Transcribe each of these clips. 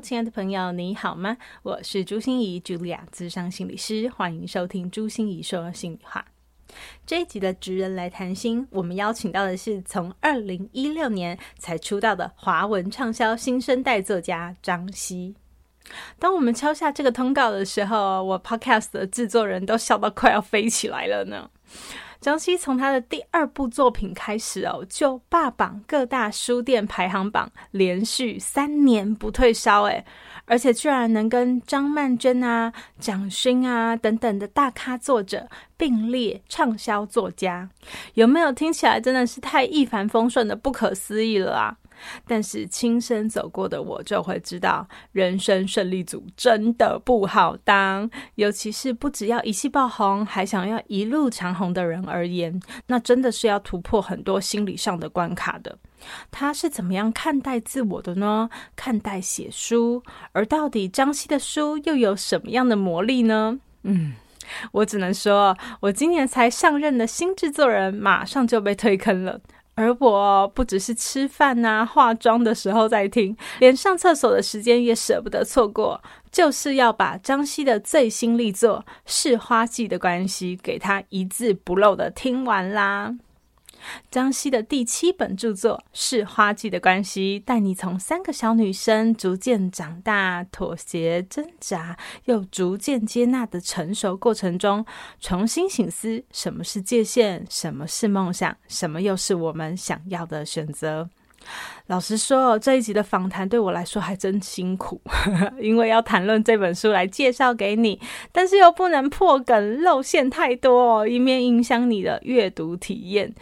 親愛的朋友，你好嗎？我是朱芯儀，茱莉亞，諮商心理師，歡迎收聽《朱芯儀說心理話》。這一集的“職人來談芯”，我們邀請到的是從二零一六年才出道的華文暢銷新生代作家張西。當我們敲下這個通告的時候，我 Podcast 的製作人都笑到快要飛起來了呢。張西從他的第二部作品開始哦，就霸榜各大書店排行榜，連續三年不退燒誒，而且居然能跟張曼娟啊、蔣勳啊等等的大咖作者並列暢銷作家，有沒有？聽起來真的是太一帆風順的，不可思議了啊！但是親身走過的我就會知道，人生勝利組真的不好當，尤其是不只要一夕爆紅，還想要一路長紅的人而言，那真的是要突破很多心理上的關卡的。他是怎麼樣看待自我的呢？看待寫書，而到底張西的書又有什麼樣的魔力呢？嗯，我只能說，我今年才上任的新制作人，馬上就被推坑了。而我不只是吃飯吶、啊、化妝的時候在聽，連上廁所的時間也捨不得錯過，就是要把張西的最新力作《是花季的關係》給他一字不漏的聽完啦。張西的第七本著作是《花季的關係》，帶你從三個小女生逐漸長大、妥協、掙扎，又逐漸接納的成熟過程中，重新省思什麼是界限，什麼是夢想，什麼又是我們想要的選擇。老實說，這一集的訪談對我來說還真辛苦，呵呵，因為要談論這本書來介紹給你，但是又不能破梗露餡太多，哦，以免影響你的閱讀體驗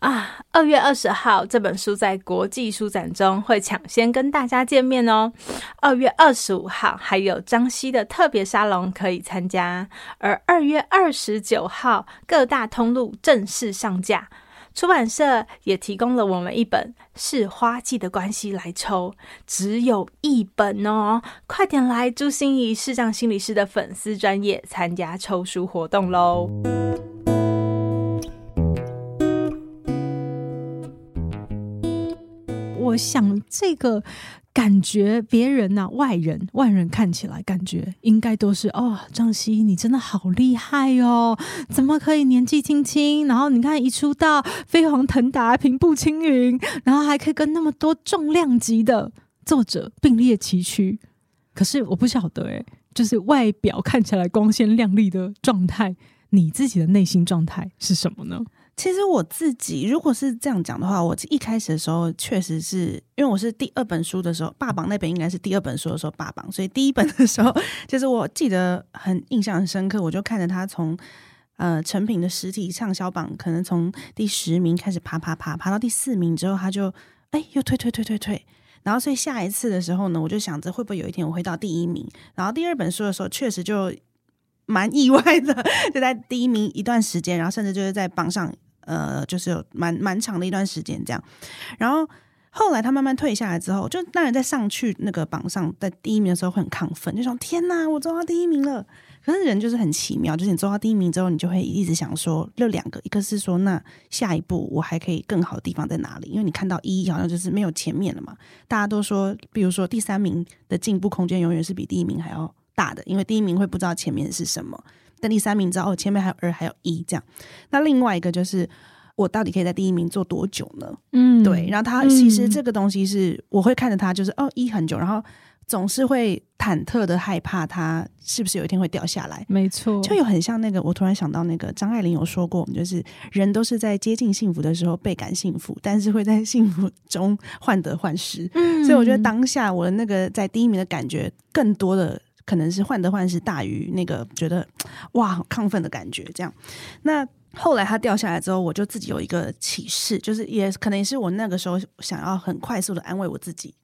啊！二月二十號，這本書在國際書展中會搶先跟大家見面哦。二月二十五號，還有張西的特別沙龍可以參加，而二月二十九號，各大通路正式上架。出版社也提供了我們一本《是花季的關係》來抽，只有一本哦，快點來朱芯儀視障心理師的粉絲專頁參加抽書活動嘍！我想這個。感覺別人吶、啊，外人、外人看起來感覺應該都是哦，張西你真的好厲害哦！怎麼可以年紀輕輕，然後你看一出道飛黃騰達、平步青雲，然後還可以跟那麼多重量級的作者並列齊驅？可是我不曉得哎、欸，就是外表看起來光鮮亮麗的狀態，你自己的內心狀態是什麼呢？其實我自己如果是這樣講的話，我一開始的時候確實是因為我是第二本書的時候霸榜，那本應該是第二本書的時候霸榜，所以第一本的時候就是我記得很印象很深刻，我就看着他從呃誠品的實體暢銷榜可能從第十名開始爬爬爬爬到第四名之後，他就哎又退退退退退，然後所以下一次的時候呢，我就想着會不會有一天我會到第一名，然後第二本書的時候確實就蠻意外的，就在第一名一段時間，然後甚至就是在榜上。呃，就是有蠻蠻長的一段時間這樣，然後後來他慢慢退下來之後，就當然在上去那個榜上在第一名的時候會很亢奮，就想天哪，我做到第一名了！可是人就是很奇妙，就是你做到第一名之後，你就會一直想說，就兩個，一個是說，那下一步我還可以更好的地方在哪裡？因為你看到一、e、好像就是沒有前面了嘛，大家都說，比如說第三名的進步空間永遠是比第一名還要大的，因為第一名會不知道前面是什麼。但第三名，知道哦，前面還有二，還有一這樣。那另外一個就是，我到底可以在第一名做多久呢？嗯，對。然後他其實這個東西是，嗯、我會看着他，就是哦，一很久，然後總是會忐忑的害怕，他是不是有一天會掉下來？沒錯，就有很像那個，我突然想到那個張愛玲有說過，我們就是人都是在接近幸福的時候倍感幸福，但是會在幸福中患得患失。嗯，所以我覺得當下我的那個在第一名的感覺，更多的。可能是患得患失，大於那個覺得哇，好亢奮的感覺，這樣。那後來它掉下來之後，我就自己有一個啟示，就是也可能也是我那個時候想要很快速的安慰我自己。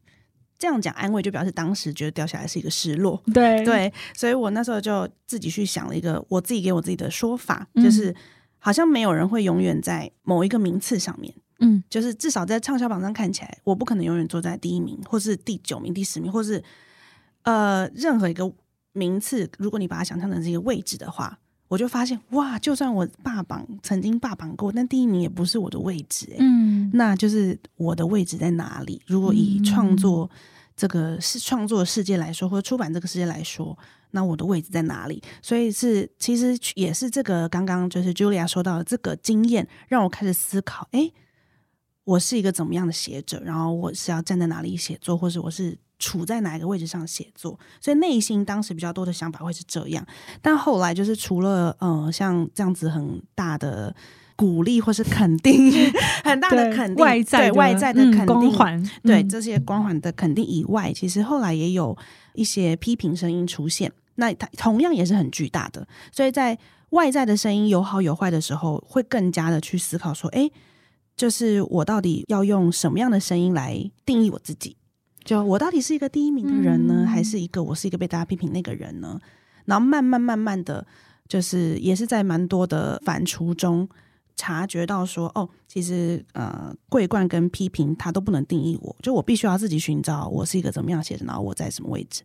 這樣講安慰，就表示當時覺得掉下來是一個失落。對對，所以我那時候就自己去想了一個，我自己給我自己的說法，嗯，就是好像沒有人會永遠在某一個名次上面。嗯，就是至少在暢銷榜上看起來，我不可能永遠坐在第一名，或是第九名、第十名，或是。呃，任何一個名次，如果你把它想象成是一個位置的話，我就發現哇，就算我霸榜曾經霸榜過，但第一名也不是我的位置，欸，嗯，那就是我的位置在哪裡？如果以創作這個是創作世界來說，或者出版這個世界來說，那我的位置在哪裡？所以是其實也是這個剛剛就是 Julia 說到的這個經驗，讓我開始思考，哎、欸，我是一個怎麼樣的寫者？然後我是要站在哪裡寫作，或是我是？處在哪一個位置上寫作，所以內心當時比較多的想法會是這樣。但後來就是除了嗯、呃，像這樣子很大的鼓勵或是肯定， 很大的肯定，對對外在的光環，對、嗯、對這些光環的肯定以外，其實後來也有一些批評聲音出現。那他同樣也是很巨大的。所以在外在的聲音有好有壞的時候，會更加的去思考說：哎、欸，就是我到底要用什麼樣的聲音來定義我自己？就我到底是一個第一名的人呢，還是一個我是一個被大家批評那個人呢？嗯、然後慢慢慢慢的就是也是在蠻多的反芻中，察覺到說哦，其實呃桂冠跟批評它都不能定義我，就我必須要自己尋找我是一個怎麼樣寫的，寫然後我在什麼位置，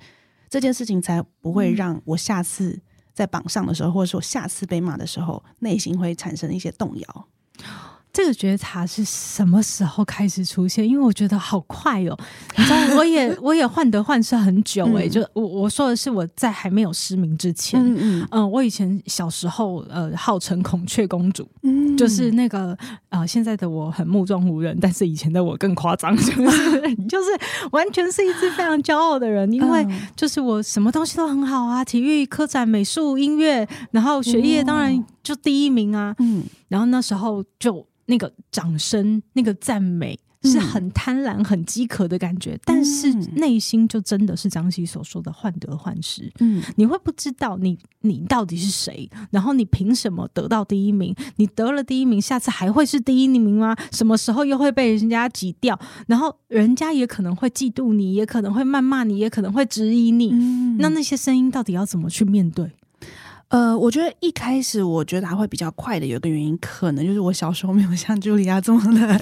這件事情才不會讓我下次在榜上的時候，嗯、或者說我下次被罵的時候，內心會產生一些動搖。這個覺察是什麼時候開始出現？因為我覺得好快哦，你知道我也我也患得患失很久哎、欸，嗯、就我我說的是我在還沒有失明之前，嗯嗯、呃、我以前小時候呃號稱孔雀公主，嗯，就是那個啊、呃、現在的我很目中無人，但是以前的我更誇張，就是 就是完全是一隻非常驕傲的人，因為就是我什麼東西都很好啊，體育、科展、美術、音樂，然後學業當然。哦就第一名啊，嗯，然後那時候就那個掌聲、那個讚美，嗯、是很貪婪、很飢渴的感覺。嗯、但是內心就真的是張西所說的患得患失。嗯，你會不知道你你到底是誰，然後你憑什麼得到第一名？你得了第一名，下次還會是第一名嗎？什麼時候又會被人家擠掉？然後人家也可能會嫉妒你，也可能會謾罵你，也可能會質疑你。嗯、那那些聲音到底要怎麼去面對？呃，我覺得一開始我覺得還會比較快的，有一個原因可能就是我小時候沒有像茱莉亞這麼的，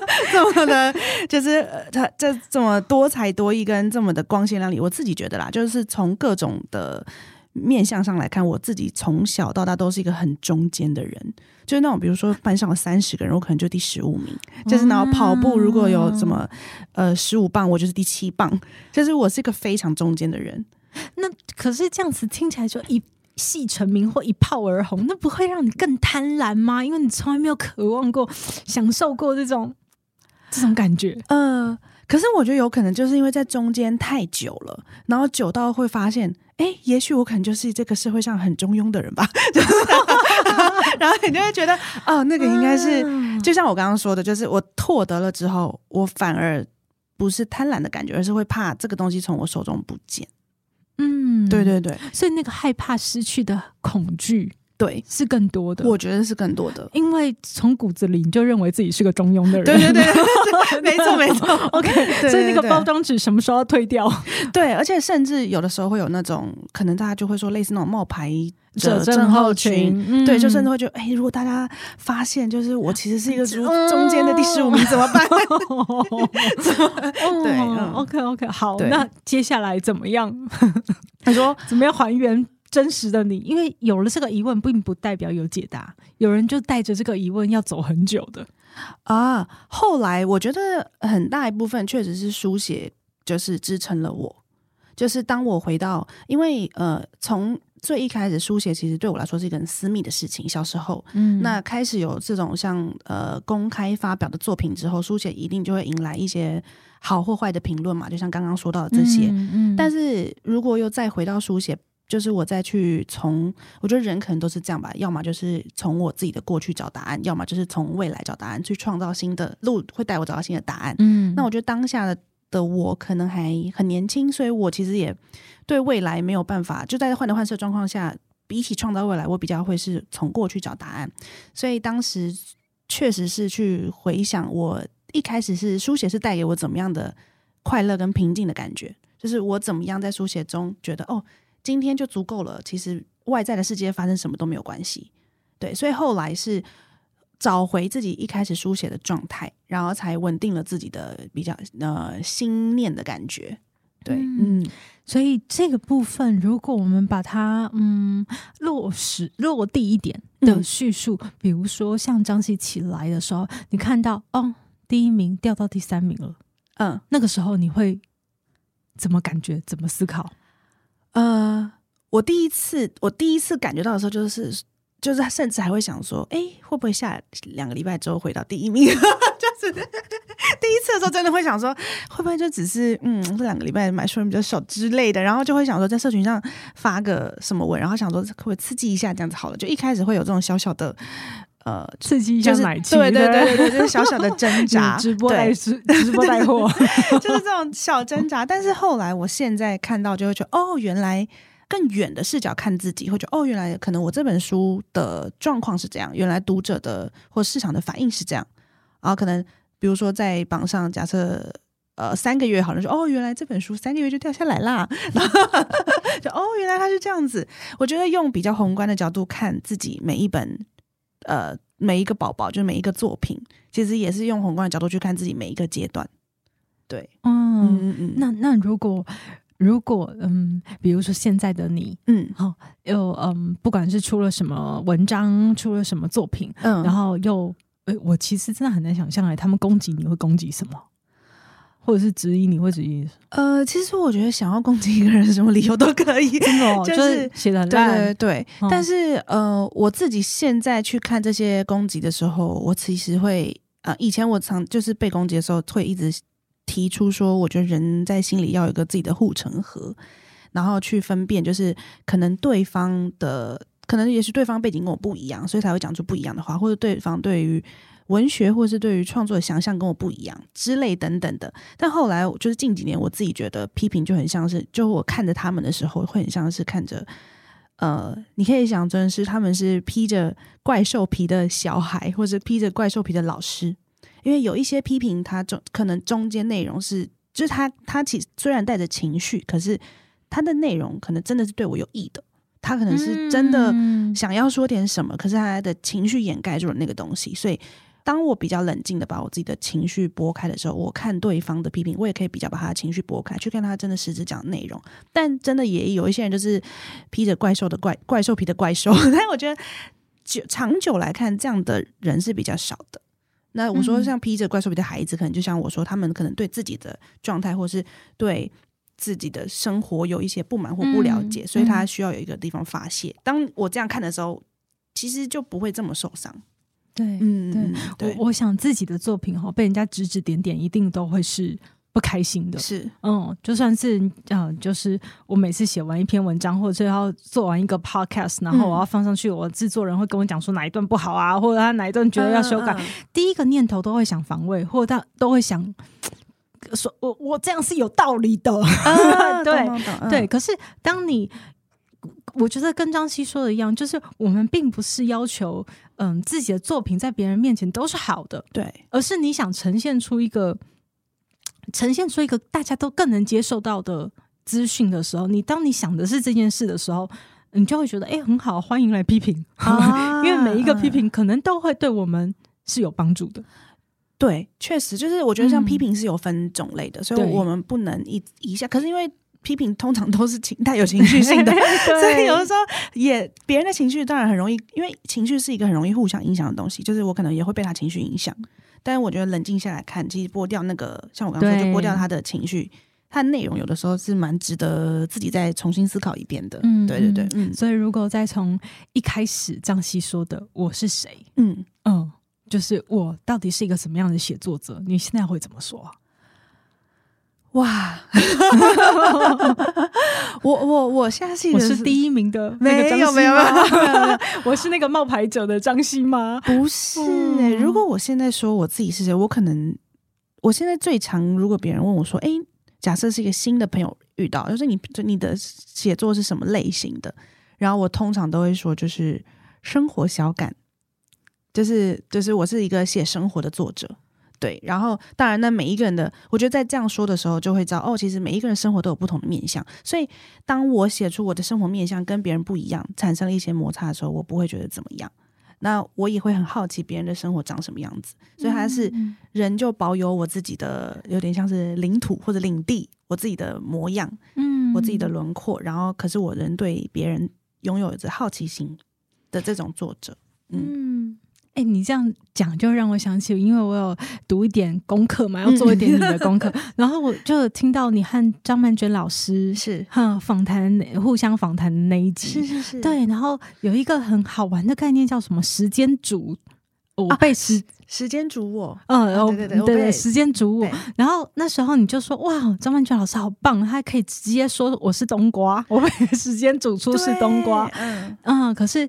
這麼的、就是呃，就是她這這麼多才多藝跟這麼的光鮮亮麗。我自己覺得啦，就是從各種的面向上來看，我自己從小到大都是一個很中間的人，就是那種比如說班上有三十個人，我可能就第十五名；就是然後跑步如果有什麼呃十五棒，我就是第七棒，就是我是一個非常中間的人。那可是這樣子聽起來說，說一夕成名或一炮而紅，那不會讓你更貪婪嗎？因為你從來沒有渴望過、享受過這種這種感覺。呃，可是我覺得有可能，就是因為在中間太久了，然後久到會發現，哎、欸，也許我可能就是這個社會上很中庸的人吧。 然後你就會覺得，哦、呃，那個應該是就像我剛剛說的，就是我獲得了之後，我反而不是貪婪的感覺，而是會怕這個東西從我手中不見。嗯，對對對，所以那個害怕失去的恐懼。對，是更多的，我覺得是更多的，因為從骨子裡你就認為自己是個中庸的人。對對對，沒錯沒錯。OK，所以那個包裝紙什麼時候要退掉？對，而且甚至有的時候會有那種，可能大家就會說類似那種冒牌者症候群，對，就甚至會覺得，哎，如果大家發現就是我其實是一個中中間的第十五名，怎麼辦？對，OK OK，好，那接下來怎麼樣？他說怎麼樣還原？真實的你，因為有了這個疑問，並不代表有解答。有人就帶着這個疑問要走很久的啊。後來，我覺得很大一部分確實是書寫，就是支撐了我。就是當我回到，因為呃，從最一開始書寫，其實對我來說是一個很私密的事情。小時候，嗯，那開始有這種像呃公開發表的作品之後，書寫一定就會迎來一些好或壞的評論嘛。就像剛剛說到的這些，嗯，嗯，但是如果又再回到書寫。就是我再去從，我覺得人可能都是這樣吧，要麼就是從我自己的過去找答案，要麼就是從未來找答案，去創造新的路會帶我找到新的答案。嗯，那我覺得當下的我可能還很年輕，所以我其實也對未來沒有辦法。就在患得患失的狀況下，比起創造未來，我比較會是從過去找答案。所以當時確實是去回想我，我一開始是書寫是帶給我怎麼樣的快樂跟平靜的感覺，就是我怎麼樣在書寫中覺得哦。今天就足夠了，其實外在的世界發生什麼都沒有關係，對，所以後來是找回自己一開始書寫的狀態，然後才穩定了自己的比較呃心念的感覺，對，嗯，嗯，所以這個部分如果我們把它嗯落實落地一點的敘述，嗯、比如說像張西起來的時候，你看到哦第一名掉到第三名了，嗯，那個時候你會怎麼感覺？怎麼思考？呃，我第一次，我第一次感覺到的時候，就是，就是甚至還會想說，哎，會不會下兩個禮拜之後回到第一名？ 就是第一次的時候，真的會想說，會不會就只是嗯，這兩個禮拜買書人比較少之類的，然後就會想說，在社群上發個什麼文，然後想說會不會刺激一下，這樣子好了，就一開始會有這種小小的。呃，刺激一下買氣，就是、對對對對對， 就是小小的掙扎。直播，對直播帶貨，直播帶貨，就是這種小掙扎。但是後來，我現在看到就會覺得，哦，原來更遠的視角看自己，會覺哦，原來可能我這本書的狀況是這樣，原來讀者的或市場的反應是這樣。然後可能比如說在榜上，假設呃三個月好，好像說，哦，原來這本書三個月就掉下來啦， 就哦，原來它是這樣子。我覺得用比較宏觀的角度看自己每一本。呃，每一個寶寶，就每一個作品，其實也是用宏觀的角度去看自己每一個階段，對，嗯嗯嗯。那那如果如果嗯，比如說現在的你，嗯，好，又，嗯，不管是出了什麼文章，出了什麼作品，嗯，然後又，誒，我其實真的很難想象誒，他們攻擊你會攻擊什麼。或者是質疑你，會質疑。你疑呃，其實我覺得想要攻擊一個人，什麼理由都可以。 真的哦、就是寫的爛。就是、對對對。但是呃，我自己現在去看這些攻擊的時候，我其實會啊、呃，以前我常就是被攻擊的時候，會一直提出說，我覺得人在心裡要有一個自己的護城河，然後去分辨，就是可能對方的，可能也許對方背景跟我不一樣，所以才會講出不一樣的話，或者對方對於。文學或是對於創作的想象跟我不一樣之類等等的，但後來就是近幾年，我自己覺得批評就很像是，就我看着他們的時候，會很像是看着，呃，你可以想真是他們是披着怪獸皮的小孩，或者披着怪獸皮的老師，因為有一些批評，他中可能中間內容是，就是他他其實雖然帶着情緒，可是他的內容可能真的是對我有益的，他可能是真的想要說點什麼，嗯、可是他的情緒掩蓋住了那個東西，所以。當我比較冷靜的把我自己的情緒撥開的時候，我看對方的批評，我也可以比較把他情緒撥開，去看他真的實質講的內容。但真的也有一些人就是披着怪獸的怪怪獸皮的怪獸，但我覺得久長久來看，這樣的人是比較少的。那我說像披着怪獸皮的孩子，嗯、可能就像我說，他們可能對自己的狀態或是對自己的生活有一些不滿或不了解，嗯、所以他需要有一個地方發洩。當我這樣看的時候，其實就不會這麼受傷。對，嗯，對，我我想自己的作品齁被人家指指點點，一定都會是不開心的。是，嗯，就算是，嗯、呃，就是我每次寫完一篇文章，或者要做完一個 podcast，然後我要放上去，嗯、我制作人會跟我講說哪一段不好啊，或者他哪一段覺得要修改，嗯嗯、第一個念頭都會想防衛，或者他都會想說，我我這樣是有道理的。啊、 對、嗯、對，可是當你我覺得跟張西說的一樣，就是我們並不是要求。嗯，自己的作品在別人面前都是好的，對，而是你想呈現出一個，呈現出一個大家都更能接受到的資訊的時候，你當你想的是這件事的時候，你就會覺得哎、欸，很好，歡迎來批評，啊、 因為每一個批評可能都會對我們是有幫助的。嗯、對，確實，就是我覺得像批評是有分種類的，嗯、所以我們不能一一下，可是因為。批評通常都是情帶有情緒性的， 對 所以有的時候也別人的情緒當然很容易，因為情緒是一個很容易互相影響的東西。就是我可能也會被他情緒影響，但是我覺得冷靜下來看，其實剝掉那個，像我剛才就剝掉他的情緒，對 他的內容有的時候是蠻值得自己再重新思考一遍的。嗯，對對對。嗯，嗯、所以如果再從一開始張西說的“我是誰”，嗯嗯，就是我到底是一個什麼樣的寫作者，你現在會怎麼說啊？哇！ 我我我相信我是第一名的，那個沒有沒有、沒有 我是那個冒牌者的張西嗎？ 不是、欸。如果我現在說我自己是誰、這個，我可能我現在最常，如果別人問我說，哎、欸，假設是一個新的朋友遇到，就是你，你的寫作是什麼類型的？然後我通常都會說，就是生活小感，就是就是我是一個寫生活的作者。對，然後當然呢，每一個人的，我覺得在這樣說的時候，就會知道哦，其實每一個人生活都有不同的面向。所以，當我寫出我的生活面向跟別人不一樣，產生了一些摩擦的時候，我不會覺得怎麼樣。那我也會很好奇別人的生活長什麼樣子。所以還是人就保有我自己的，有點像是領土或者領地，我自己的模樣，嗯，我自己的輪廓。嗯、然後，可是我仍對別人擁有着好奇心的這種作者，嗯。嗯哎、欸，你這樣講就讓我想起，因為我有讀一點功課嘛，要做一點你的功課，嗯、 然後我就聽到你和張曼娟老師是哼訪談互相訪談的那一集，是是是對，然後有一個很好玩的概念叫什麼“時間煮，、啊、煮我”被時時間煮我，嗯，然後、啊、對對對，對時間煮我，欸、然後那時候你就說哇，張曼娟老師好棒，他可以直接說我是冬瓜，我被時間煮出是冬瓜，嗯嗯，可是。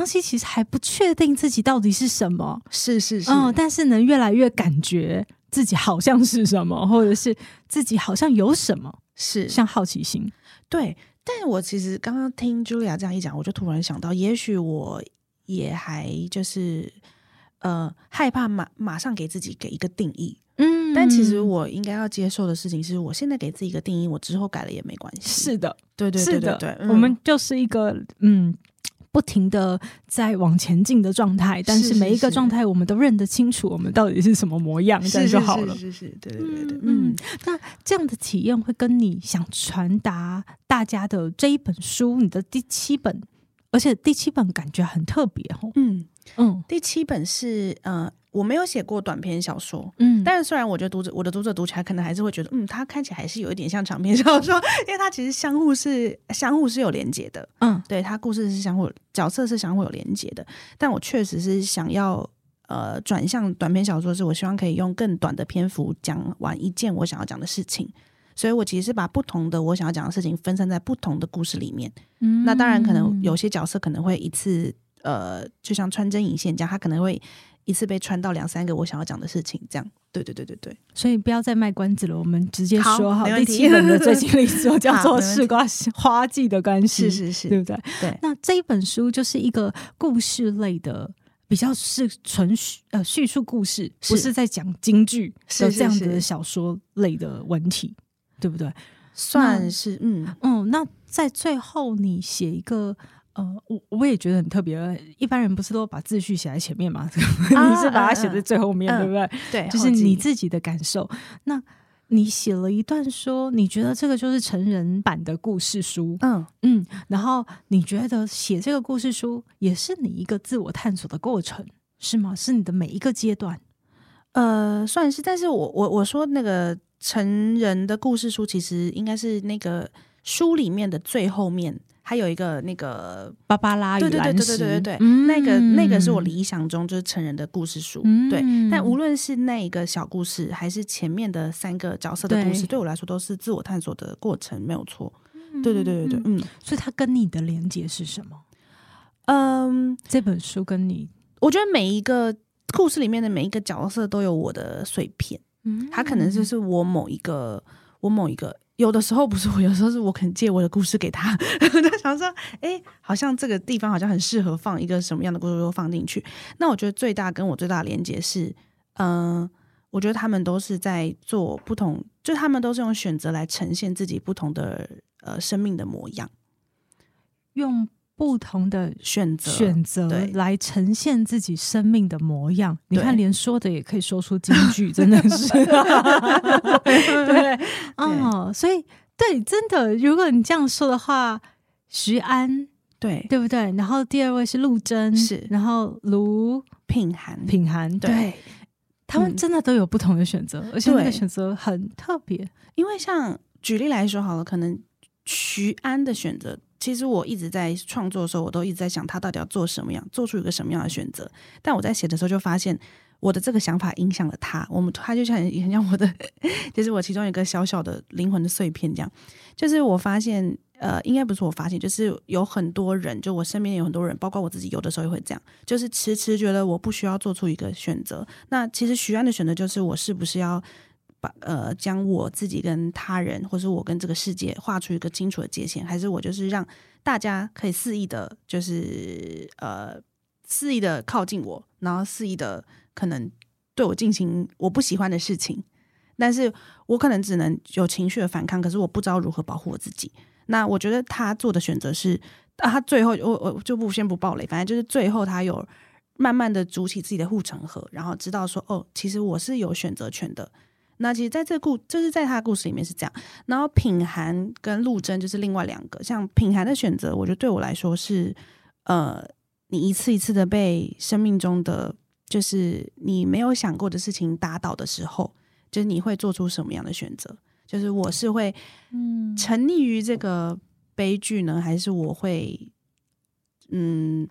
張西其實還不確定自己到底是什麼，是是是，嗯、呃，但是能越來越感覺自己好像是什麼，或者是自己好像有什麼，是像好奇心。對，但我其實剛剛聽 Julia 這樣一講，我就突然想到，也許我也還就是呃害怕馬馬上給自己給一個定義，嗯，但其實我應該要接受的事情是，我現在給自己一個定義，我之後改了也沒關係。是的，對，對對對對，是的，嗯、我們就是一個嗯。不停的在往前進的狀態，但是每一個狀態我們都認得清楚，我們到底是什麼模樣，這樣是就好了。是是，是，是是，對對對對，嗯，嗯。那這樣的體驗會跟你想傳達大家的這一本書，你的第七本，而且第七本感覺很特別齁。嗯嗯，第七本是呃。我沒有寫過短篇小說，嗯，但是雖然我覺得讀者我的讀者讀起來可能還是會覺得，嗯，它看起來還是有一點像長篇小說，因為它其實相互是相互是有連接的，嗯，對，它故事是相互角色是相互有連接的。但我確實是想要呃轉向短篇小說，是我希望可以用更短的篇幅講完一件我想要講的事情，所以我其實是把不同的我想要講的事情分散在不同的故事裡面，嗯，那當然可能有些角色可能會一次呃，就像穿針引線這樣，他可能會。一次被穿到兩三個我想要講的事情，這樣，對對對對對，所以不要再賣關子了，我們直接說哈，好第七輪的最近歷一次叫做《是花季的關係，》 是是是，對不對？對。那這一本書就是一個故事類的，比較是純敘呃敘述故事，是不是在講京劇的這樣子的小說類的文體，是是是對不對？那那算是嗯嗯，那在最後你寫一個。呃、嗯，我我也覺得很特別。一般人不是都把自序寫在前面嘛？啊、 你是把它寫在最後面、啊啊、對不對？嗯、對，就是你自己的感受。那你寫了一段說，你覺得這個就是成人版的故事書。嗯嗯，然後你覺得寫這個故事書也是你一個自我探索的過程，是嗎？是你的每一個階段，呃，算是。但是我我我說那個成人的故事書，其實應該是那個。書裡面的最後面還有一個那個芭芭拉與蘭斯，對對對對對對、嗯嗯嗯、那個那個是我理想中就是成人的故事書，嗯嗯嗯對。但無論是那一個小故事，還是前面的三個角色的故事，對，對我來說都是自我探索的過程，沒有錯。對、嗯嗯嗯、對對對對，嗯。所以它跟你的連接是什麼？嗯，這本書跟你，我覺得每一個故事裡面的每一個角色都有我的碎片，嗯，嗯，嗯，它可能就是，是我某一個，我某一個。有的時候不是我，有時候是我肯借我的故事給他。我 就想說，哎、欸，好像這個地方好像很適合放一個什麼樣的故事，都放進去。那我覺得最大跟我最大的連接是，嗯、呃，我覺得他們都是在做不同，就他們都是用選擇來呈現自己不同的呃生命的模樣，用。不同的選擇，選擇來呈現自己生命的模樣。你看，連說的也可以說出金句，真的是對，哦，所以對，真的，如果你這樣說的話，徐安對，對不對？然後第二位是陸貞，是，然後盧品涵，品涵對，他們真的都有不同的選擇，而且那個選擇很特別。因為像舉例來說好了，可能徐安的選擇。其實我一直在創作的時候，我都一直在想他到底要做什麼樣，做出一個什麼樣的選擇。但我在寫的時候就發現，我的這個想法影響了他。我們他就像影響我的，就是我其中一個小小的靈魂的碎片這樣。就是我發現，呃，應該不是我發現，就是有很多人，就我身邊有很多人，包括我自己，有的時候也會這樣，就是遲遲覺得我不需要做出一個選擇。那其實徐安的選擇就是我是不是要。把呃，將我自己跟他人，或者我跟這個世界畫出一個清楚的界限，還是我就是讓大家可以肆意的，就是呃，肆意的靠近我，然後肆意的可能對我進行我不喜歡的事情，但是我可能只能有情緒的反抗，可是我不知道如何保護我自己。那我覺得他做的選擇是，啊，他最後我我就不先不暴雷，反正就是最後他有慢慢的築起自己的護城河，然後知道說，哦，其實我是有選擇權的。那其實，在這故，就是在他的故事裡面是這樣。然後，品涵跟陸貞就是另外兩個。像品涵的選擇，我覺得對我來說是，呃，你一次一次的被生命中的就是你沒有想過的事情打倒的時候，就是你會做出什麼樣的選擇？就是我是會，嗯，沉溺於這個悲劇呢，還是我會，嗯，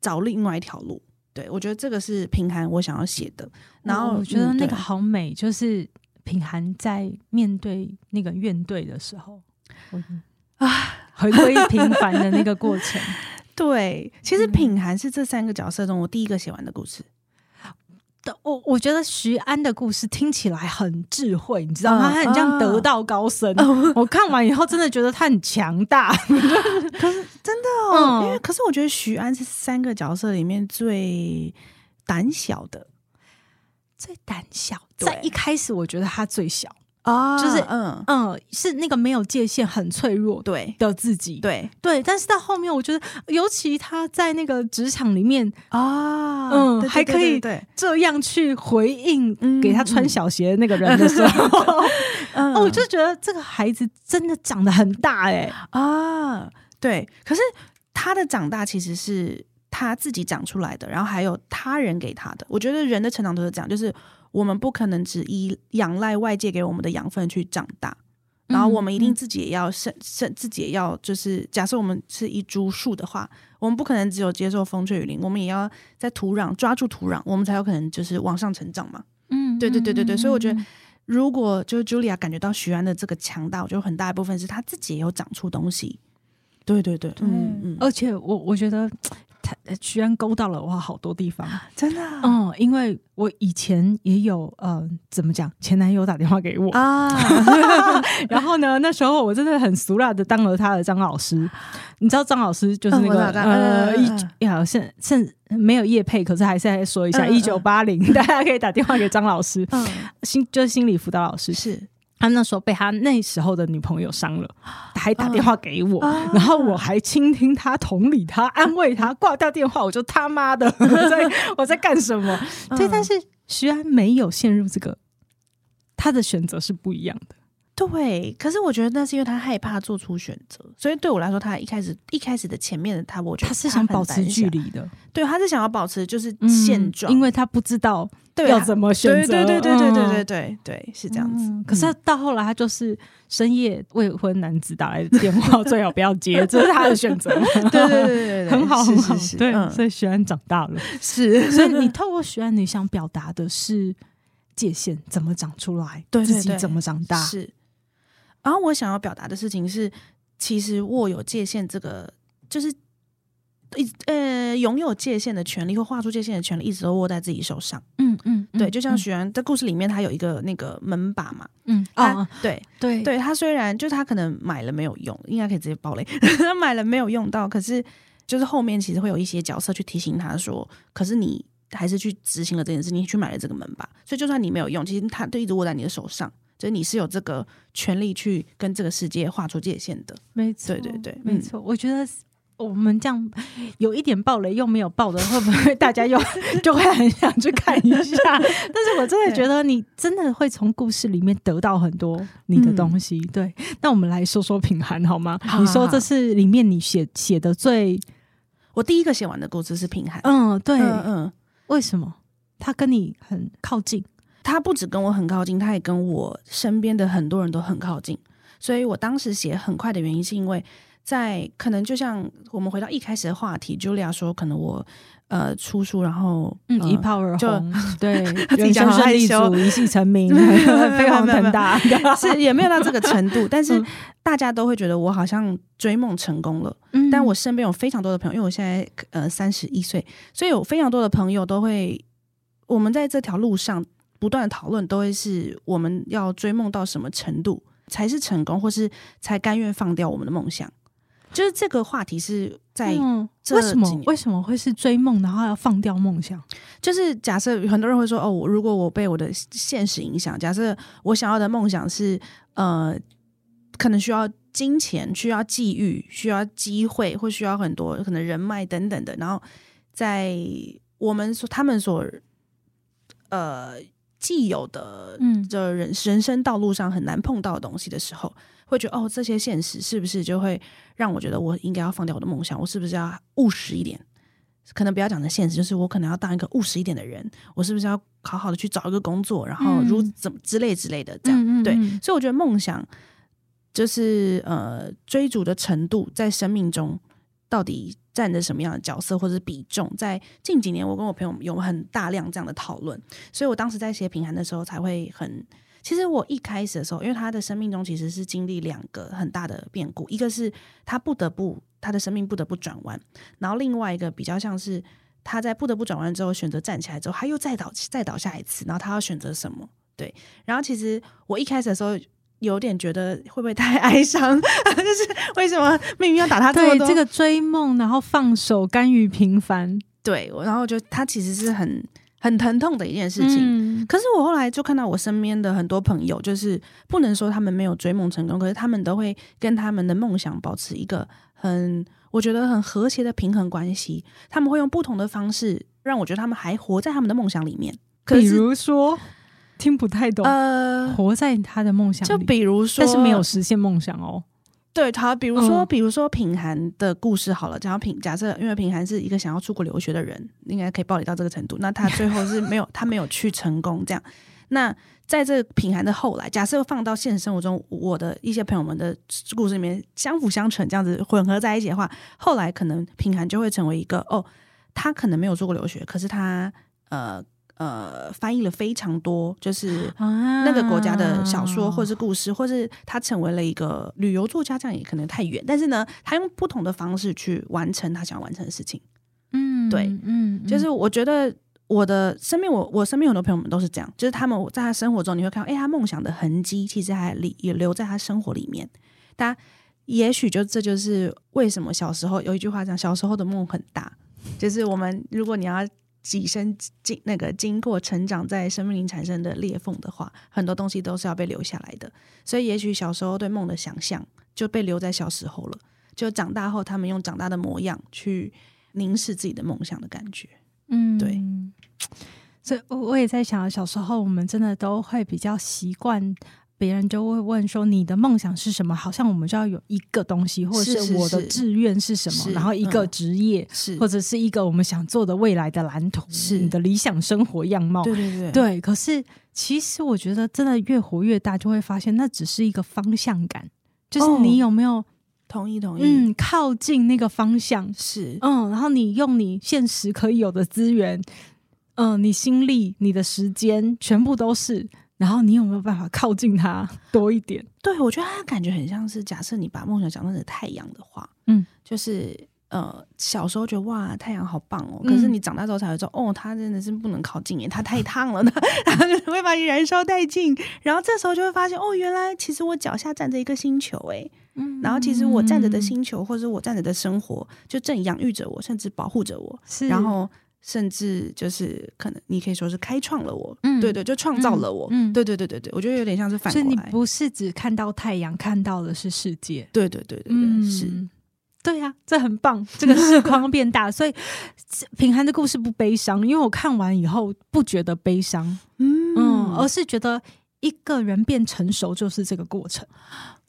找另外一條路？對，我覺得這個是品涵我想要寫的。然後、哦、我覺得那個好美，對就是品涵在面對那個怨懟的時候啊，回歸平凡的那個過程。 對，其實品涵是這三個角色中我第一個寫完的故事。我我覺得徐安的故事聽起來很智慧，你知道嗎？他很像得道高僧。嗯，啊，我看完以後真的覺得他很強大。 可是真的哦，嗯，因為可是我覺得徐安是三個角色裡面最膽小的，最膽小的，在一開始我覺得他最小。啊，就是嗯嗯，是那個沒有界限、很脆弱對的自己，對對，對。但是到後面，我覺得尤其他在那個職場裡面啊，嗯，對對對對還可以這樣去回應給他穿小鞋那個人的時候，嗯，我就覺得這個孩子真的長得很大哎、欸、啊，對。可是他的長大其實是他自己長出來的，然後還有他人給他的。我覺得人的成長都是這樣，就是。我們不可能只依仰賴外界給我們的養分去長大，然後我們一定自己也要生生，嗯，自己也要就是假設我們是一株樹的話，我們不可能只有接受風吹雨淋，我們也要在土壤，抓住土壤，我們才有可能就是往上成長嘛。嗯，對對對對對，嗯嗯，所以我覺得，嗯嗯、如果就是 Julia 感覺到徐安的這個強大，我覺得很大一部分是他自己也有長出東西。對對對，嗯對嗯，而且我我覺得。居然勾到了哇，好多地方，真的、啊。嗯，因為我以前也有呃，怎麼講，前男友打電話給我啊， 然後呢，那時候我真的很俗辣的當了他的張老師。你知道張老師就是那個、嗯打打嗯、呃，一呀，甚甚沒有業配，可是還是來說一下一九八零，嗯、大家可以打電話給張老師，心、嗯、就是心理輔導老師是。他那時候被他那時候的女朋友傷了，還打電話給我，然後我還傾聽他、同理他、安慰他，掛掉電話我就他媽的，我在我在幹什麼？對、嗯，所以但是徐安沒有陷入這個，他的選擇是不一樣的。對，可是我覺得那是因為他害怕做出選擇，所以對我來說，他一開始一開始的前面的他，我覺得他是想保持距離的，對，他是想要保持就是現狀、嗯，因為他不知道。要怎麼選擇？對對對對對對對對，是這樣子。可是到後來，他就是深夜未婚男子打來的電話，最好不要接，這是他的選擇。對對對對，很好很好。對，所以許安長大了。是，所以你透過許安，你想表達的是界限怎麼長出來，對，自己怎麼長大？是。然後我想要表達的事情是，其實握有界限這個，就是一呃，擁有界限的權利或畫出界限的權利，一直都握在自己手上。嗯。嗯嗯，嗯，對，就像許然、嗯、在故事裡面，他有一個那個門把嘛，嗯，啊他，哦、對對對，他雖然就他可能買了沒有用，應該可以直接爆雷， 買了沒有用到，可是就是後面其實會有一些角色去提醒他說，可是你還是去執行了這件事，你去買了這個門把，所以就算你沒有用，其實他都一直握在你的手上，所、就、以、是、你是有這個權利去跟這個世界劃出界限的，沒錯錯，對對對，嗯、沒錯，我覺得。我們這樣有一點爆雷又沒有爆的，會不會大家又就會很想去看一下？ 但是我真的覺得你真的會從故事裡面得到很多你的東西。嗯、對，那我們來說說平寒好嗎？好啊、好。你說這是裡面你寫寫的最，我第一個寫完的故事是平寒。嗯，對，嗯，嗯，為什麼？他跟你很靠近，他不只跟我很靠近，他也跟我身邊的很多人都很靠近。所以我當時寫很快的原因是因為。在可能就像我們回到一開始的話題，Julia 說，可能我呃出書，然後一炮而紅，對，人生勝利組，一夕成名，飛黃騰達，是也沒有到這個程度。但是大家都會覺得我好像追夢成功了。但我身邊有非常多的朋友，因為我現在呃三十一歲，所以有非常多的朋友都會，我們在這條路上不斷的討論，都會是我們要追夢到什麼程度才是成功，或是才甘願放掉我們的夢想。就是這個話題是在、嗯、為什麼為什麼會是追夢，然後要放掉夢想？就是假設很多人會說哦，如果我被我的現實影響，假設我想要的夢想是呃，可能需要金錢、需要際遇、需要機會，或需要很多可能人脈等等的，然後在我們所他們所呃既有的這、嗯、人人生道路上很難碰到的東西的時候。會覺得哦，這些現實是不是就會讓我覺得我應該要放掉我的夢想？我是不是要務實一點？可能不要講成現實，就是我可能要當一個務實一點的人。我是不是要好好的去找一個工作？然後如怎麼、嗯、之類之類的這樣嗯嗯嗯嗯，對。所以我覺得夢想就是呃追逐的程度，在生命中到底佔着什麼樣的角色或者比重？在近幾年，我跟我朋友有很大量這樣的討論，所以我當時在寫平凡的時候才會很。其實我一開始的時候，因為他的生命中其實是經歷兩個很大的變故，一個是他不得不，他的生命不得不轉彎，然後另外一個比較像是他在不得不轉彎之後選擇站起來之後，他又再倒再倒下一次，然後他要選擇什麼？對，然後其實我一開始的時候有點覺得會不會太哀傷，啊，就是為什麼命運要打他這麼多？對，這個追夢，然後放手，甘於平凡，對，然後就他其實是很。很疼痛的一件事情，嗯、可是我後來就看到我身邊的很多朋友，就是不能說他們沒有追夢成功，可是他們都會跟他們的夢想保持一個很我覺得很和諧的平衡關係。他們會用不同的方式讓我覺得他們還活在他們的夢想裡面。比如說，聽不太懂，呃，活在他的夢想裡，就比如說，但是沒有實現夢想哦。對他，比如說，嗯、比如說品寒的故事好了，講品，假設，因為品寒是一個想要出國留學的人，應該可以爆雷到這個程度。那他最後是沒有， 他沒有去成功這樣。那在這個品寒的後來，假設放到現實生活中，我的一些朋友們的故事裡面相輔相成，這樣子混合在一起的話，後來可能品寒就會成為一個哦，他可能沒有出國留學，可是他呃。呃，翻譯了非常多，就是那個國家的小說，或是故事，啊、或是他成為了一個旅遊作家，這樣也可能太遠。但是呢，他用不同的方式去完成他想要完成的事情。嗯，對，嗯，嗯，就是我覺得我的身邊，我我身邊很多朋友們都是這樣，就是他們在他生活中，你會看到，哎、欸，他夢想的痕跡，其實還裡也留在他生活裡面。但也許就這就是為什麼小時候有一句話講，小時候的夢很大，就是我們如果你要。幾生經那個經過成長，在生命裡產生的裂縫的話，很多東西都是要被留下來的。所以，也許小時候對夢的想象就被留在小時候了。就長大後，他們用長大的模樣去凝視自己的夢想的感覺。嗯，對。所以，我我也在想，小時候我們真的都會比較習慣。別人就會問說：“你的夢想是什麼？”好像我們就要有一個東西，或者是我的志願是什麼，是是是然後一個職業，嗯、是或者是一個我們想做的未來的藍圖，是你的理想生活樣貌。對對對，對。可是其實我覺得，真的越活越大，就會發現那只是一個方向感，就是你有沒有、哦、同意同意？嗯，靠近那個方向是。嗯，然後你用你現實可以有的資源，嗯、呃，你心力、你的時間，全部都是。然後你有沒有辦法靠近它多一點？對我覺得它感覺很像是，假設你把夢想想成是太陽的話，嗯，就是呃，小時候覺得哇，太陽好棒哦，可是你長大之後、嗯、才會知道，哦，它真的是不能靠近耶，它太燙了呢，它會把你燃燒殆盡。然後這時候就會發現，哦，原來其實我腳下站着一個星球，哎，嗯，然後其實我站着的星球，嗯、或者我站着的生活，就正養育着我，甚至保護着我。是，然後。甚至就是可能，你可以說是開創了我，嗯，對，對對，就創造了我，嗯，對對對對對，我覺得有點像是反過來，你不是只看到太陽，看到的是世界，對，對對對對對，嗯、是對呀、啊，這很棒，這個視框變大， 所以平凡的故事不悲傷，因為我看完以後不覺得悲傷，嗯，而是覺得。一個人變成熟就是這個過程，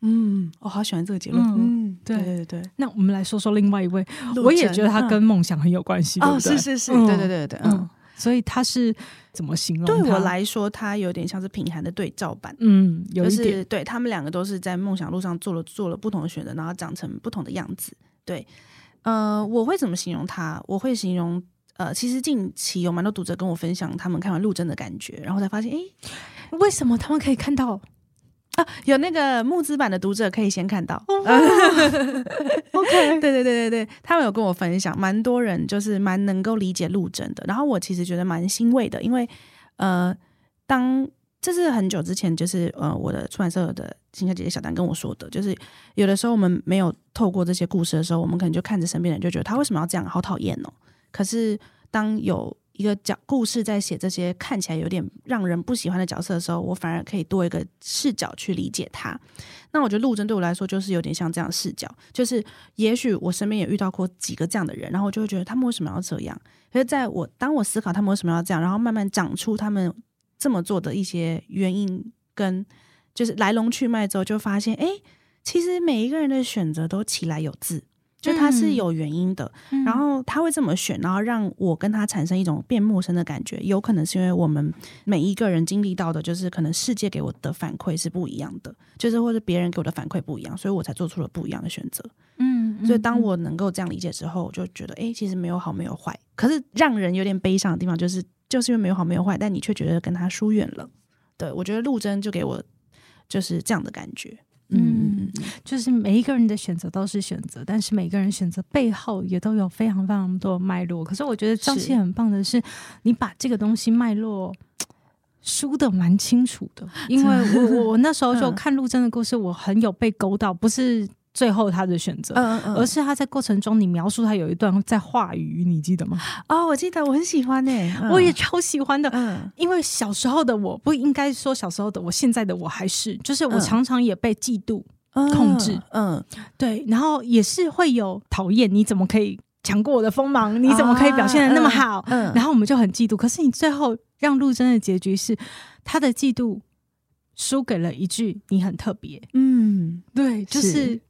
嗯，我好喜歡這個結論。嗯，對對對，對那我們來說說另外一位，路程，我也覺得他跟夢想很有關係、嗯、哦，是是是，嗯、對對對對，嗯，所以他是怎麼形容？對我來說，他有點像是平凡的對照版，嗯，就是對他們兩個都是在夢想路上做了做了不同的選擇，然後長成不同的樣子，對，呃，我會怎麼形容他？我會形容。呃，其實近期有蠻多讀者跟我分享他們看完陸貞的感覺，然後才發現，哎，為什麼他們可以看到？啊，有那個木子版的讀者可以先看到。對對對對對，他們有跟我分享，蠻多人就是蠻能夠理解陸貞的。然後我其實覺得蠻欣慰的，因為呃，當這、就是很久之前，就是呃，我的出版社的親家姐姐小丹跟我說的，就是有的時候我們沒有透過這些故事的時候，我們可能就看着身邊人就覺得他為什麼要這樣，好討厭哦。可是，當有一個角故事在寫這些看起來有點讓人不喜歡的角色的時候，我反而可以多一個視角去理解他。那我覺得陸貞對我來說就是有點像這樣視角，就是也許我身邊也遇到過幾個這樣的人，然後我就會覺得他們為什麼要這樣？可是在我當我思考他們為什麼要這樣，然後慢慢長出他們這麼做的一些原因跟就是來龍去脈之後，就發現哎，其實每一個人的選擇都其來有自。就他是有原因的，嗯、然後他會這麼選，然後讓我跟他產生一種變陌生的感覺，有可能是因為我們每一個人經歷到的，就是可能世界給我的反饋是不一樣的，就是或者別人給我的反饋不一樣，所以我才做出了不一樣的選擇。嗯，所以當我能夠這樣理解之後，我就覺得，哎、欸，其實沒有好，沒有壞。可是讓人有點悲傷的地方，就是就是因為沒有好沒有壞，但你卻覺得跟他疏遠了。對，我覺得陸貞就給我就是這樣的感覺。嗯，就是每一個人的選擇都是選擇，但是每個人選擇背後也都有非常非常多的脈絡。可是我覺得張西很棒的是，是你把這個東西脈絡梳得蠻清楚的，因為我我那時候就看陸貞的故事，我很有被勾到，不是。最後他的選擇，嗯嗯、而是他在過程中，你描述他有一段在話語，你記得嗎？哦，我記得，我很喜歡呢、欸，我也超喜歡的，嗯、因為小時候的我不應該說小時候的我，現在的我還是，就是我常常也被嫉妒、嗯、控制，嗯，嗯對，然後也是會有討厭，你怎麼可以強過我的鋒芒？你怎麼可以表現得那麼好？啊嗯、然後我們就很嫉妒，可是你最後讓陸貞的結局是，他的嫉妒輸給了一句“你很特別”，嗯，對，就是。是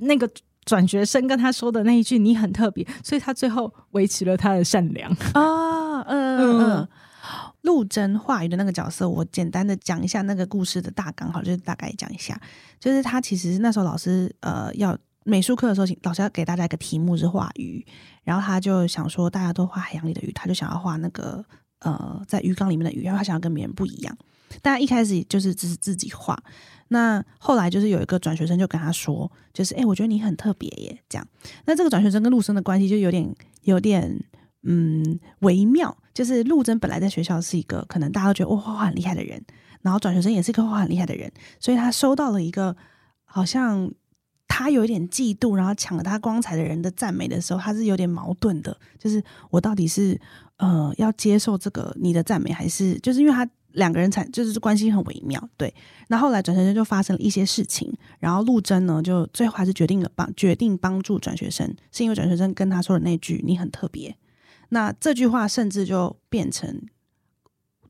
那個轉學生跟他說的那一句“你很特別”，所以他最後維持了他的善良啊、哦呃嗯。嗯嗯嗯。陸貞畫魚的那個角色，我簡單的講一下那個故事的大綱，好，就是大概講一下。就是他其實那時候老師呃要美術課的時候，老師要給大家一個題目是畫魚，然後他就想說大家都畫海洋裡的魚，他就想要畫那個呃在魚缸裡面的魚，然後他想要跟別人不一樣。大家一開始就是只是自己畫。那後來就是有一個轉學生就跟他說，就是哎、欸，我覺得你很特別耶，這樣。那這個轉學生跟陸生的關係就有點有點嗯微妙。就是陸生本來在學校是一個可能大家都覺得哇畫畫、哦、很厲害的人，然後轉學生也是一個畫畫很厲害的人，所以他收到了一個好像他有一點嫉妒，然後搶了他光彩的人的讚美的時候，他是有點矛盾的。就是我到底是呃要接受這個你的讚美，還是就是因為他。兩個人才就是關係很微妙，對。那後來轉學生就發生了一些事情，然後陸貞呢就最後還是決定了幫決定幫助轉學生，是因為轉學生跟他說的那句“你很特別”，那這句話甚至就變成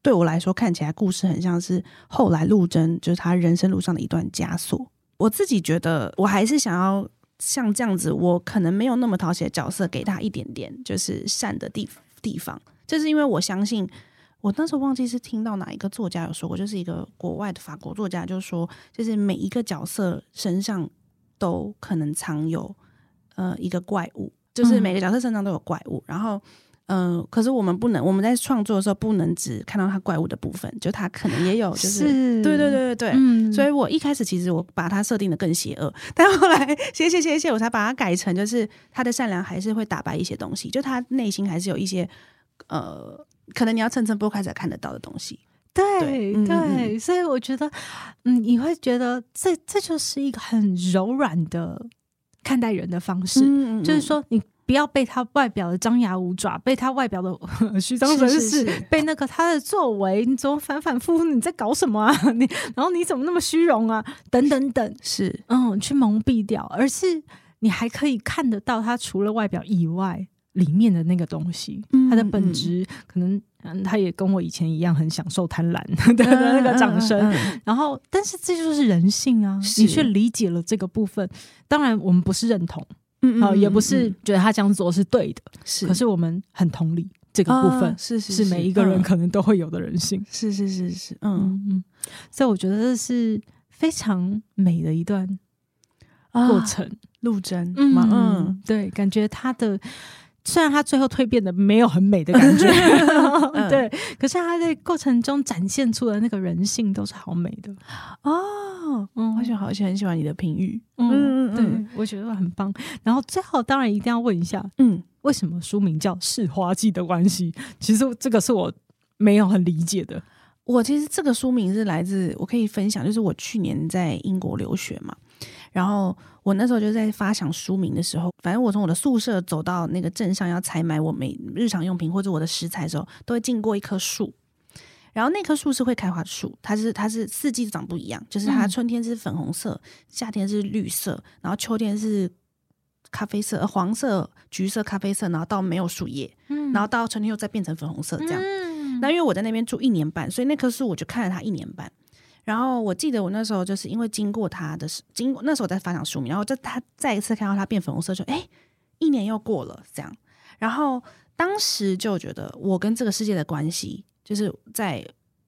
對我來說看起來故事很像是後來陸貞就是他人生路上的一段枷鎖。我自己覺得我還是想要像這樣子，我可能沒有那麼討喜的角色，給他一點點就是善的地地方，就是因為我相信。我當時忘記是聽到哪一個作家有說過，就是一個國外的法國作家就說，就是每一個角色身上都可能藏有呃一個怪物，就是每個角色身上都有怪物。嗯、然後，呃，可是我們不能，我們在創作的時候不能只看到他怪物的部分，就他可能也有，就是，是對對對對對。嗯、所以我一開始其實我把他設定得更邪惡，但後來謝謝謝謝，我才把它改成就是他的善良還是會打敗一些東西，就他內心還是有一些呃。可能你要層層剝開才看得到的東西，對嗯嗯對，所以我覺得，嗯，你會覺得這這就是一個很柔軟的看待人的方式，嗯，嗯，嗯，就是說你不要被他外表的張牙舞爪，被他外表的虛張聲勢，是是是被那個他的作為，你怎麼反反復復你在搞什麼啊？你然後你怎麼那麼虛榮啊？等等等，是嗯，去蒙蔽掉，而是你還可以看得到他除了外表以外，裡面的那個東西，它的本質、嗯嗯、可能，嗯，他也跟我以前一樣很享受貪婪的那個掌聲。嗯嗯嗯嗯、然後，但是這就是人性啊！是你卻理解了這個部分。當然，我們不是認同，嗯嗯，嗯啊、也不是覺得他這樣做是對的。是，可是我們很同理這個部分，是是是，每一個人可能都會有的人性。啊、是是是是，嗯嗯。所以我覺得這是非常美的一段過程。啊、路程、嗯嗯，嗯嗯，對，感覺他的。雖然他最後蛻變得沒有很美的感覺， 對，嗯、可是他在過程中展現出的那個人性都是好美的哦。嗯我，而且好喜很喜歡你的評語，嗯嗯嗯對，我覺得很棒。然後最後當然一定要問一下，嗯，為什麼書名叫《是花季的關係》？其實這個是我沒有很理解的。我其實這個書名是來自我可以分享，就是我去年在英國留學嘛。然後我那時候就在發想書名的時候，反正我從我的宿舍走到那個鎮上要採買我每日常用品或者我的食材的時候，都會經過一棵樹。然後那棵樹是會開花的樹，它是它是四季都長不一樣，就是它春天是粉紅色，嗯、夏天是綠色，然後秋天是咖啡色，呃、黃色、橘色、咖啡色，然後到沒有樹葉，嗯、然後到春天又再變成粉紅色這樣。那、嗯、因為我在那邊住一年半，所以那棵樹我就看了它一年半。然後我記得我那時候就是因為經過它的經過，那時候我在發想書名，然後就他再一次看到它變粉紅色，就誒，一年又過了這樣。然後當時就覺得我跟這個世界的關係，就是在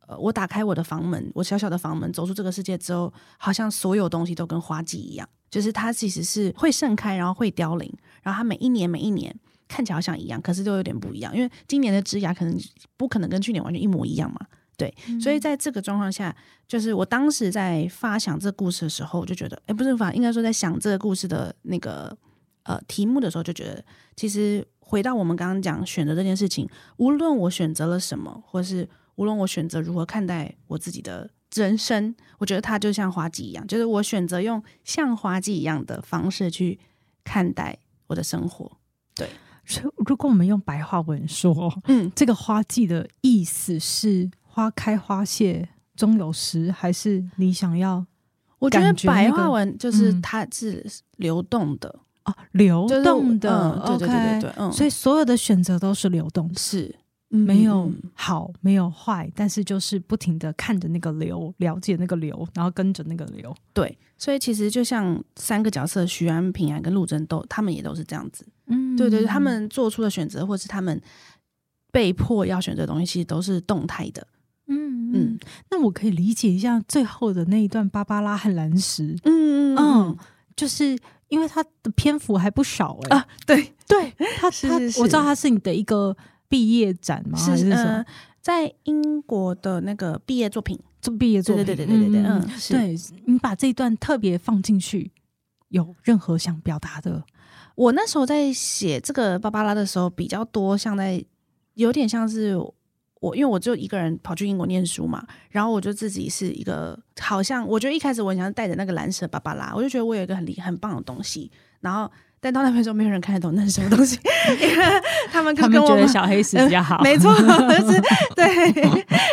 呃，我打開我的房門，我小小的房門走出這個世界之後，好像所有東西都跟花季一樣，就是它其實是會盛開，然後會凋零，然後它每一年每一年看起來好像一樣，可是就有點不一樣，因為今年的枝芽可能不可能跟去年完全一模一樣嘛。對，所以在這個狀況下，嗯、就是我當時在發想這故事的時候，我就覺得，哎、欸，不是發，應該說在想這個故事的那個呃題目的時候，就覺得，其實回到我們剛剛講選擇這件事情，無論我選擇了什麼，或是無論我選擇如何看待我自己的人生，我覺得它就像花季一樣，就是我選擇用像花季一樣的方式去看待我的生活。對，所以如果我們用白話文說，嗯，這個花季的意思是。花開花謝終有時，還是你想要、那個？我覺得白話文就是它是流動的哦、嗯啊，流動的，對對對對對，嗯，所以所有的選擇都是流動的，是、嗯嗯、沒有好沒有壞，但是就是不停的看着那個流，了解那個流，然後跟着那個流。對，所以其實就像三個角色徐安、平安跟陸貞都，他們也都是這樣子，嗯，對，對對，他們做出的選擇，或者是他們被迫要選擇的東西，其實都是動態的。嗯嗯，嗯，那我可以理解一下最後的那一段芭芭拉和藍石，嗯嗯，嗯嗯，就是因為它的篇幅還不少哎、欸、啊，對對，他他我知道他是你的一個畢業展嗎？是還是，呃，在英國的那個畢業作品，做畢業作品，對對對對對對，嗯，是對，你把這一段特別放進去，有任何想表達的？嗯，我那時候在寫這個芭芭拉的時候，比較多像在有點像是。我因為我只有一個人跑去英國念書嘛，然後我就自己是一個好像，我覺得一開始我想帶着那個藍色芭芭拉，我就覺得我有一個很很棒的東西，然後但到那邊之後沒有人看得懂那是什麼東西， 他們可能覺得小黑石比較好，嗯、沒錯，就是，對，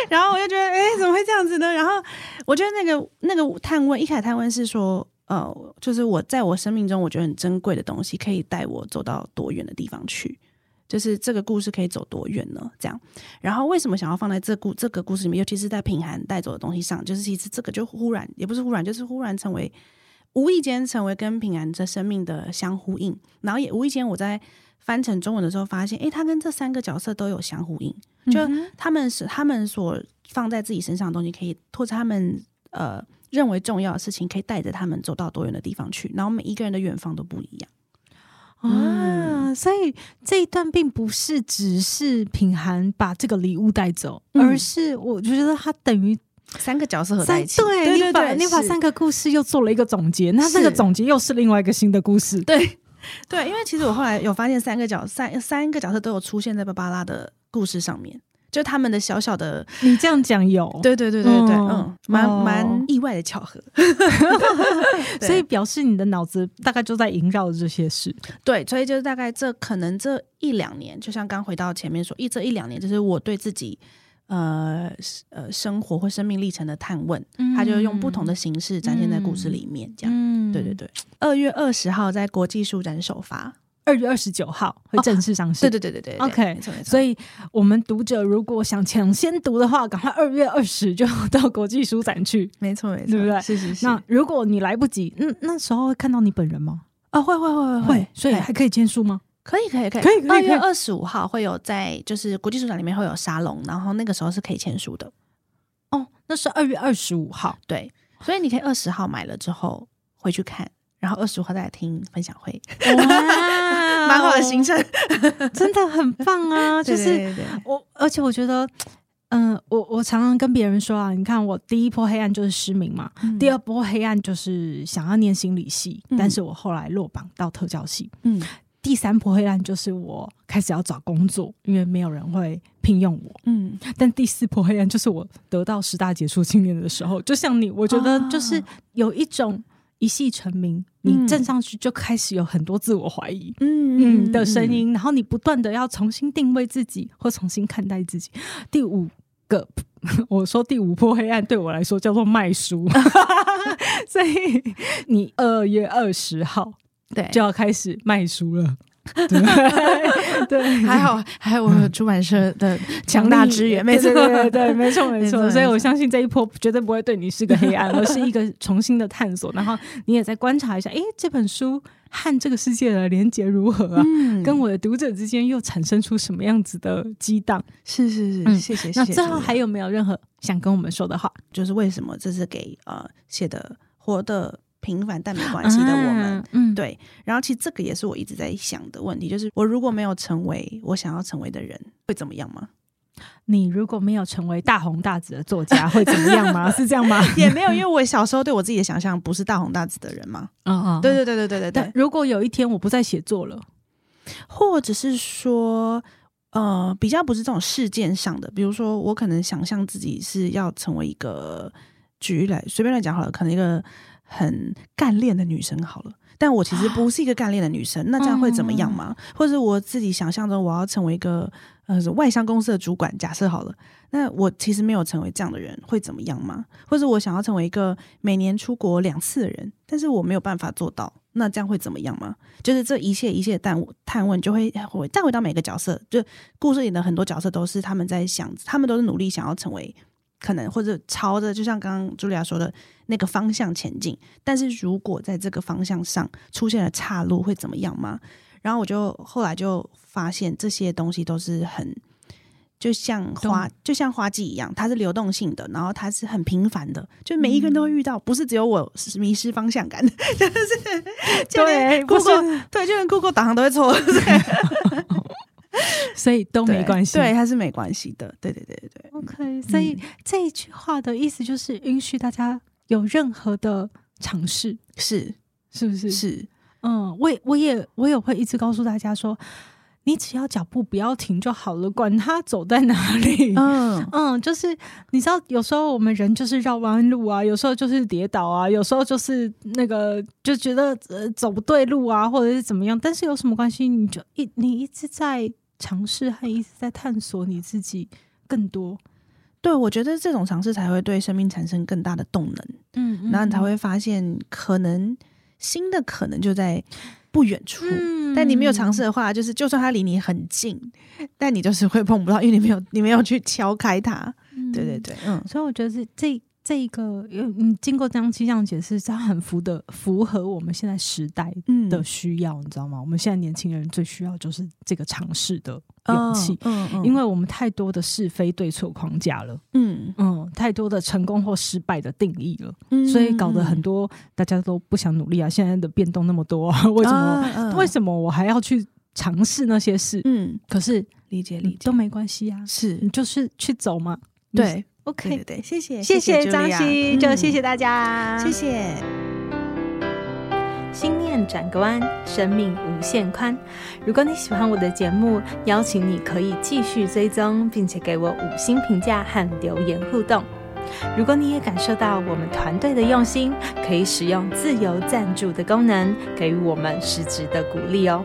然後我就覺得哎、欸，怎麼會這樣子呢？然後我覺得那個那個探問一開始探問是說，呃，就是我在我生命中我覺得很珍貴的東西，可以帶我走到多遠的地方去。就是這個故事可以走多遠呢？這樣，然後為什麼想要放在這故這個故事裡面？尤其是在品寒帶走的東西上，就是其實這個就忽然，也不是忽然，就是忽然成為無意間成為跟品寒這生命的相呼應。然後也無意間我在翻成中文的時候發現，哎，他跟這三個角色都有相呼應，就他們是、嗯、哼他們所放在自己身上的東西，可以或者他們呃認為重要的事情，可以帶着他們走到多遠的地方去。然後每一個人的遠方都不一樣。啊，所以這一段並不是只是品涵把這個禮物帶走，嗯、而是我覺得他等於三，三個角色合在一起，對對對對，你把是你把三個故事又做了一個總結，是那這個總結又是另外一個新的故事。對是對，因為其實我後來有發現，三個角色三三個角色都有出現在芭芭拉的故事上面。就他們的小小的，你這樣講有，對對對對對，哦、嗯，蠻蠻、哦、意外的巧合， 所以表示你的腦子大概就在縈繞這些事。對，所以就是大概這可能這一兩年，就像剛回到前面說，一這一兩年就是我對自己，呃呃生活或生命歷程的探問，嗯、他就用不同的形式展現在故事裡面，嗯、這樣。嗯、對對對，二月二十號在國際書展首發。二月二十九號會正式上市，哦、對對對對對。OK，所以我們讀者如果想搶先讀的話，趕快二月二十就到國際書展去。沒錯沒錯，沒錯對不對？是是是。那如果你來不及、嗯，那時候會看到你本人嗎？啊，會會會會會。會，所以還可以簽書嗎？可以可以可以可以可以。二月二十五號會有在就是國際書展裡面會有沙龍，然後那個時候是可以簽書的。哦，那是二月二十五號，對。所以你可以二十號買了之後回去看。然後二十五號再來聽分享會，wow, 蠻好的行程， 真的很棒啊！就是對對對對對我，而且我覺得，嗯、呃，我我常常跟別人說啊，你看我第一波黑暗就是失明嘛，嗯、第二波黑暗就是想要念心理系，嗯、但是我後來落榜到特教系，嗯，第三波黑暗就是我開始要找工作，因為沒有人會聘用我，嗯，但第四波黑暗就是我得到十大傑出青年的時候，就像你，我覺得就是有一種、哦。一夕成名，你站上去就開始有很多自我懷疑，嗯的聲音，然後你不斷的要重新定位自己或重新看待自己。第五個，我說第五波黑暗對我來說叫做賣書， 所以你二月二十號對就要開始賣書了。對對，還好還有我的出版社的強大支援，沒錯對沒錯沒錯，所以我相信這一波絕對不會對你是個黑暗，而是一個重新的探索。然後你也在觀察一下，哎，這本書和這個世界的連接如何啊？跟我的讀者之間又產生出什麼樣子的激盪？是是是，謝謝。謝謝。那最後還有沒有任何想跟我們說的話？就是為什麼這是給呃寫的活的？平凡但沒關係的我們，嗯啊嗯、對。然後其實這個也是我一直在想的問題，就是我如果沒有成為我想要成為的人，會怎麼樣嗎？你如果沒有成為大紅大紫的作家， 會怎麼樣嗎？是這樣嗎？也沒有，因為我小時候對我自己的想象不是大紅大紫的人嘛？啊， 對對對對對對，對，對，對。但如果有一天我不再寫作了，或者是說，呃，比較不是這種事件上的，比如說我可能想象自己是要成為一個局來隨便來講好了，可能一個。很幹練的女生好了，但我其實不是一個幹練的女生，啊、那這樣會怎麼樣嗎？嗯嗯嗯，或者我自己想象中我要成為一個呃外商公司的主管，假設好了，那我其實沒有成為這樣的人，會怎麼樣嗎？或者我想要成為一個每年出國兩次的人，但是我沒有辦法做到，那這樣會怎麼樣嗎？就是這一切一切的探探問，就會會再回到每個角色，就故事裡的很多角色都是他們在想，他們都是努力想要成為。可能或者朝着就像剛剛茱莉亞說的那個方向前進，但是如果在這個方向上出現了岔路，會怎麼樣嗎？然後我就後來就發現這些東西都是很就像花就像花季一樣，它是流動性的，然後它是很平凡的，就每一個人都會遇到，嗯、不是只有我迷失方向感，是就 Google, 對是對，Google 對，就連 Google 導航都會錯。對 所以都沒關係，對，他是沒關係的，對對對對 OK，所以，嗯，這一句話的意思就是允許大家有任何的嘗試，是是不是？是，嗯，我也我也我也會一直告訴大家說，你只要腳步不要停就好了，管他走在哪裡，嗯嗯，就是你知道，有時候我們人就是繞彎路啊，有時候就是跌倒啊，有時候就是那個就覺得呃走不對路啊，或者是怎麼樣，但是有什麼關係？你就一你一直在。嘗試還一直在探索你自己更多，嗯、對我覺得這種嘗試才會對生命產生更大的動能。嗯，嗯然後你才會發現，可能新的可能就在不遠處。嗯、但你沒有嘗試的話，就是就算它離你很近，但你就是會碰不到，因為你沒有，你沒有去敲開它。嗯、對對對，嗯。所以我覺得是這。這個，因為你經過這樣、這樣解釋，它很符的符合我們現在時代的需要，嗯、你知道嗎？我們現在年輕人最需要的就是這個嘗試的勇氣、哦，嗯嗯，因為我們太多的是非對錯框架了，嗯嗯，太多的成功或失敗的定義了，嗯、所以搞得很多大家都不想努力啊！現在的變動那麼多，為什麼？哦呃、為什麼我還要去嘗試那些事？嗯，可是理解理解、嗯、都沒關係呀、啊，是你就是去走嘛，對。OK，對，對對，謝謝，謝謝張西，嗯、就謝謝大家，謝謝。心念轉個彎，生命無限寬。如果你喜歡我的節目，邀請你可以繼續追蹤，並且給我五星評價和留言互動。如果你也感受到我們團隊的用心，可以使用自由贊助的功能，給予我們實質的鼓勵哦。